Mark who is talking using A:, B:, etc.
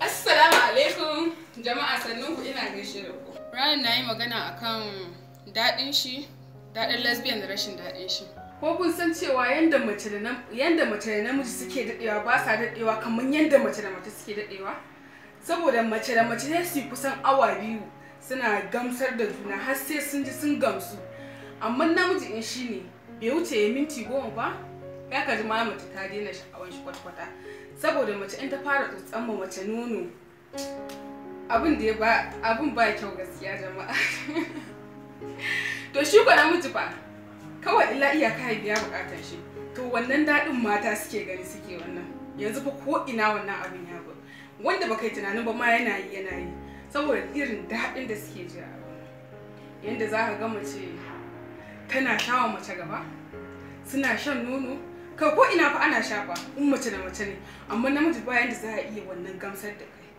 A: Assalamu alaikum jama'a sannunku ina gaishe da ku. Ranar na yi magana akan daɗin shi, daɗin lesbian da rashin daɗin shi.
B: Ko kun san cewa yadda mace da namiji suke daɗewa ba sa daɗewa kamar yadda mace da mace suke daɗewa? Saboda mace da mace ne su kusan awa biyu suna gamsar da juna har sai sun ji sun gamsu. Amma namiji in shi ne bai wuce ya minti goma ba ya ka ma mace ta daina sha'awar shi kwata-kwata saboda mace in ta fara tsotsan ma mace nono abin da ya ba abin ba kyau gaskiya jama'a to shi ko namiji fa kawai illa iya ya biya bukatar shi to wannan daɗin mata suke gani suke wannan yanzu fa ko ina wannan abin ya ba wanda baka yi tunanin ba ma yana yi yana yi saboda irin daɗin da suke ji yanda za ka ga mace tana shawa mace gaba suna shan nono Ka ko ina fa ana shafa in mace da mace ne, amma namiji bayan
C: da za a iya wannan gamsar da kai.